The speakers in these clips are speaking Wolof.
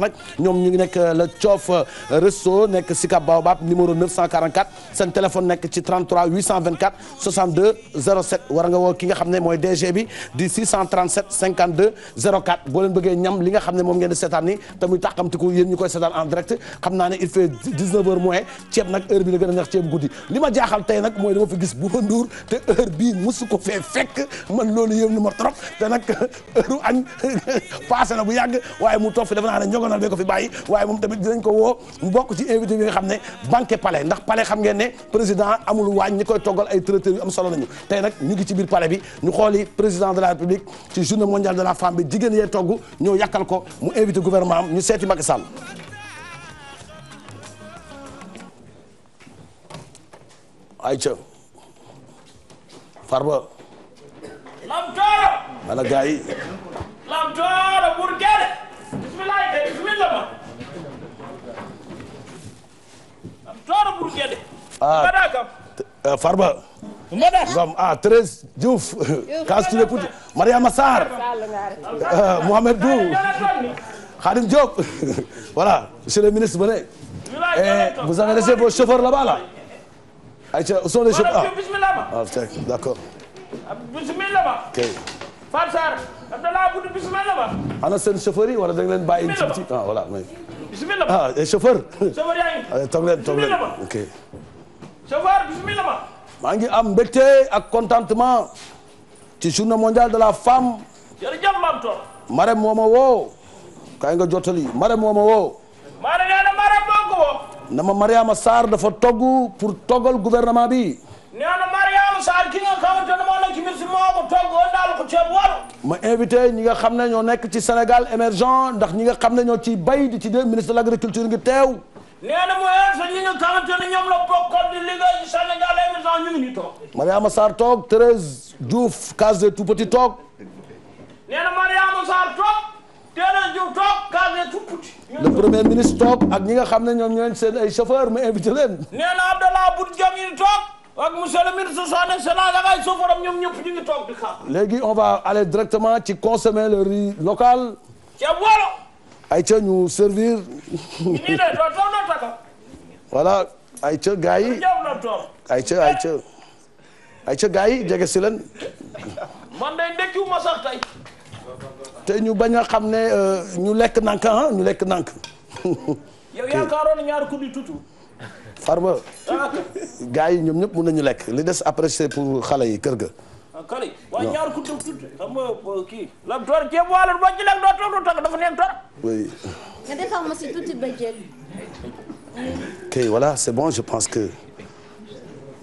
nag ñoom ñu ngi nekk euh, le Thiof euh, Resto nekk Sicap Baobab numéro 944 seen téléphone nekk ci 33 824 62 07 war nga woo ki nga xam ne mooy DG bi di 637 52 04 boo leen bëggee ñam li nga xam ne moom ngeen di seetaan ni te muy tàqamtiku yéen ñu koy seetaan en direct xam naa ne il fait 19 heures moins ceeb nag heure bi la a neex ceeb guddi li ma jaaxal mooy dama na dañ ko fi bàyyi waaye moom tamit dinañ ko woo mu bokk ci invité bi nga xam ne banquet pale ndax pale xam ngeen ne président amul waañ ñi koy toggal ay traiteur yu am solo nañu tey nag ñu ngi ci biir palais bi ñu xooli président de la république ci journée mondiale de la femme bi jigéen yee togg ñoo yàkkal ko mu invité gouvernement am ñu seeti Macky Sall ayca sallama toro ɓuuri gueɗe mbaɗa kam farba mbaɗa gam a thérèse mariama sarr eh, mouhamed dou khadim diop voilà monsieur le ministre venez et eh, vous avez laissé vos chauffeurs là-bas là ayca où ana seen chauffeur yi wala da nga leen bàyyi. ci biti ah voilà mais. bisimilah ah eh, chauffeur. chauffeur yaa ngi. Eh, toog leen leen ok. am mbégte ak contentement. ci journée mondiale de la femme. jërëjëf maam Tor. nga jottali ma woo. Marème ma Mariama dafa togg pour toggal bi. nee na Mariama Sarr ki nga xamante ne moo nekk ci biir si moo ko togg daal ko ceeb waru. ma invité ñi nga xam ne ñoo nekk ci Sénégal émergent ndax ñi nga xam ne ñoo ci bay di ci dégg ministre de l'agriculture ngi teew. nee na mu invité ñi nga xamante ne ñoom la bokkoon di liggéey ci Sénégal émergent ñu ngi ñu toog. Mariama Sarr toog Thérèse Diouf case des tout petits toog. nee na Mariama Sarr toog. le premier ministre toog ak ñi nga xam ne ñoom ñooñu seen ay chauffeur ma invité leen. nee na Abdallah Boun Dionne toog. ak monsieur le ministre son excellence ak ay chauffeuram ñoom ñëpp ñu ngi toog di xaar. léegi on va aller directement ci consommer le riz local. ay wala. ayca ñu servir. ñu nii de doo toog doo taka. voilà ayca gars yi. jege si leen. man te ñu bañ a xam ne euh, ñu lekk nank ah, ñu lekk nank. yow farba gars yi ñoom ñëpp mën nañu lekk li des après c'est pour xale yi kër ga. kër ah, yi waaye ñaar ku tudd tudd xam nga euh, kii. la door ceeb wala boo ci lekk doo tontu tag dafa neen tor. oui. nga defar ma si tuuti bëjjël. ok voilà c'est bon je pense que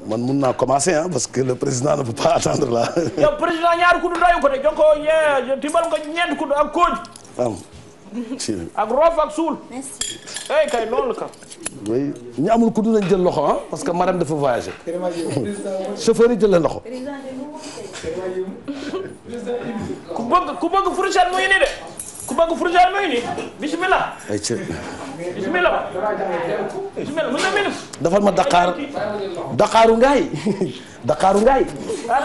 man mun naa commencer ah parce que le président ne peut pas attendre là. yow président ñaar ku du doyu ko de jox ko yee timbal ko ñeent ku ak kóoj. am. ak roof ak suul. merci. hey eh, kay loolu ka. oui ñu amul ku dinañ jël loxo ah parce que madame dafa voyagé. chauffeur yi jël la loxo. ku bëgg ku bëgg fourchette muy nii de ku bëgg fourchette muy nii bismillah. bismillah bismillah monsieur le ministre. dafal ma Dakar Dakaru Ngaay Dakaru Ngaay. baax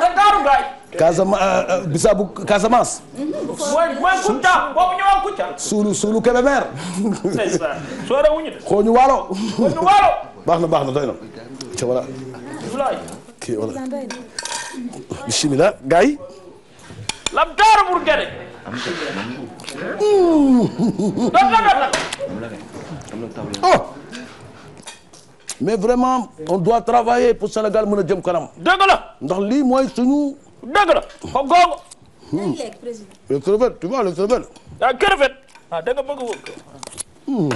na baax na doy na. ca voilà. kii voilà. bismillah gars yi. lam daaru bur gene. doon la doon la. oh mais vraiment on doit travailler pour Sénégal mën a jëm kanam. dëgg la ndax lii mooy suñu. dëgg la ko googu. nañ hmm. lekk président. les crevettes tu vois les crevettes. ah crevettes ah da nga bëgg woon. Hmm.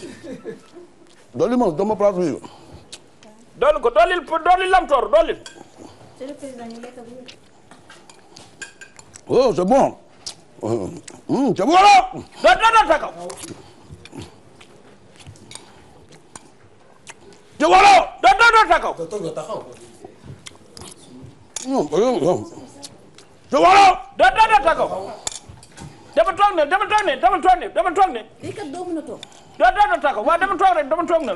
dolli ma dama place bi. dolli ko dolli dolli jógaloo doo doo doo taxaw. doo toog doo taxaw. jógaloo doo doo doo taxaw. dama toog ne dama toog ne dama toog ne dama toog ne. lii kat doo mën a toog. doo doo doo taxaw waaw dama toog rek dama toog na.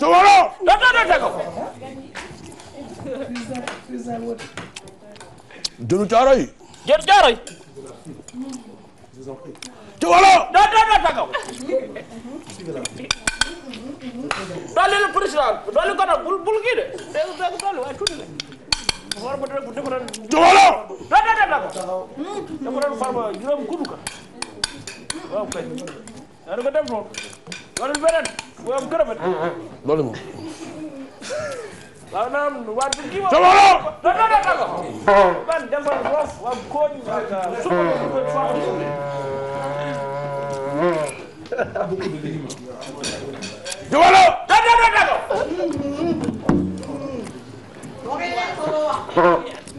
jógaloo doo doo doo taxaw. jëlu caaro yi. jëlu caaro yi. Tuwalo. non non non tàggaw. dolli lu président dolli ko nag bul bul kii de. dégg nga dolli waaye tuuti la. war ma déglu déglu ren. Tuwalo. non non non tàggaw. déglu ren farma juróom gudd ka. waaw kay. yaa ngi ko def noonu. loolu beneen. mooy am gërëm it. loolu ah, ah. moom. waaw naam waa kii moom. Tuwalo. non non non tàggaw. man defal foofu waa kooñ. suba. Jawalo. dago dago.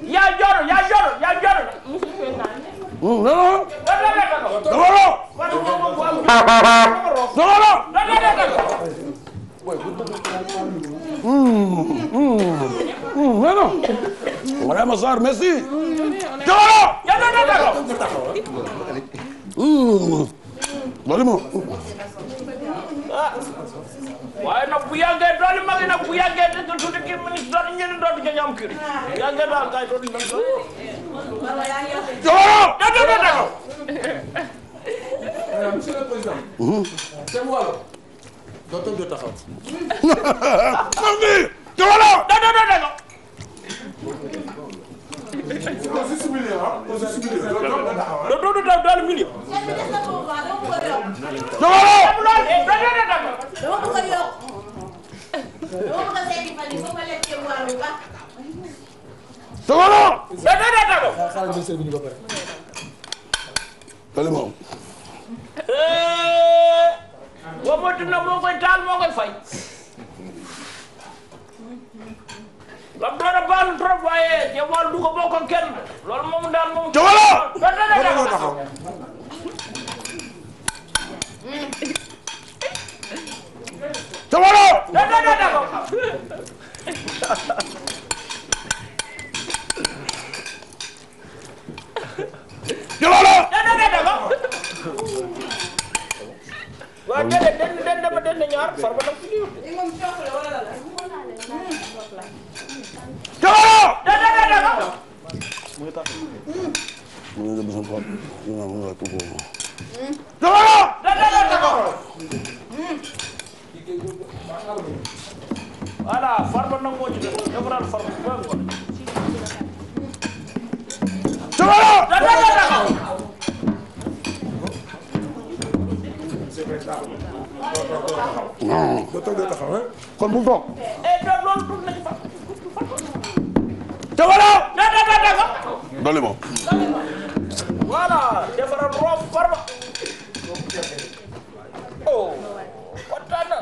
yaa joro yaa joro yaa joro. Jawalo. Jawalo. Voilà Massar, merci. Jawalo. loolu moo. waaye nag bu yàggee doole mag yi nag bu yàggee te tuuti kii ministre doole ñeneen doole nga ñu am kii bu yàggee daal kay doole ñu am doole. Jokal. dëgg la dëgg monsieur le président. seen wàll. dootoo jot a xam. xam nga Jokal. dëgg la dëgg la. doo doo doo daal million. sëguñu ba pare. loolu moom. Eh! boo ma dund moo koy taal moo koy fay. ba door a baalu trop waaye yow wàllu du ko bokk ak kenn loolu moom daal moom. jaww la jaww jëlooloo. waaw déedéet den den dama den na ñaar sorba nag si diir. jëlooloo. voilà farba nag moo ci def defaral farba bu non. doo toog doo taxaw kon bu toog. dolli moom. voilà defaral room farba. oh kontaan na.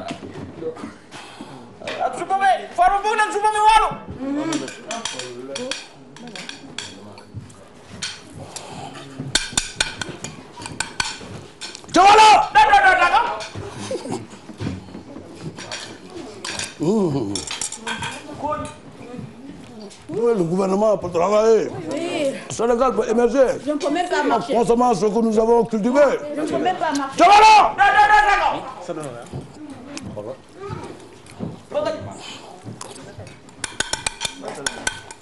ak suba bi farba bëgg na suba bi waalo. le gouvernement peut travailler. Oui. Sénégal peut émerger. Je ne peux même pas marcher. En consommant ce que nous avons cultivé. Je ne peux même pas marcher. Thiawara. Non, non, non, non.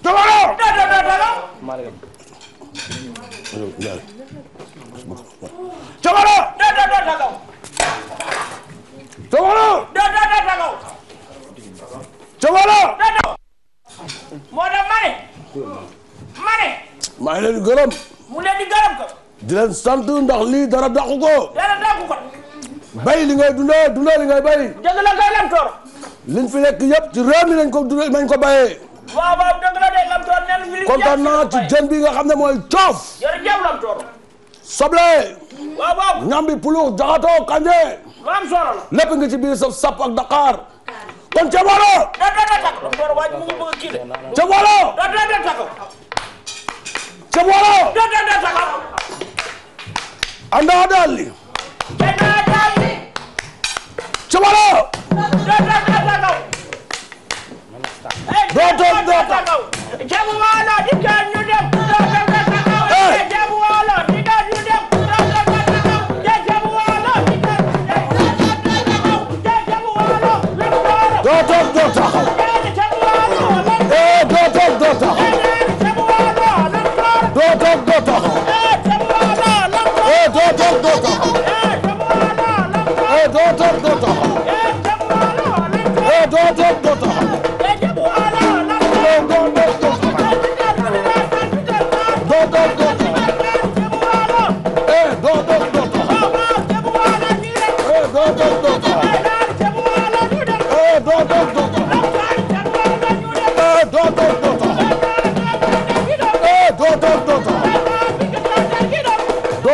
Thiawara. Non, non, non, non. leen gërëm. mu leen di gërëm ko. di ndax lii dara dàqu ko. dara dàqu ko. bay li ngay dundee dundee li ngay bay. dëgg la ngay lamtoor. fi nekk yëpp ci réew mi nañ ko dundee nañ ko bayee. waaw waaw dëgg la de lamtoor ci jën bi nga xam ne mooy coof. jërëjëf lamtoor. soble. waaw waaw ñambi pulux jaxatoo kanje. maam soro ci biir saf sap ak Dakar. kon ca boolo. a Cebora. Anda dalli. Anda dalli. Cebora. Dota dota. Cebora dikka ñu dem. Dota dota. Cebora dikka ñu dem. Dota dota. Cebora dikka ñu dem. Dota dota.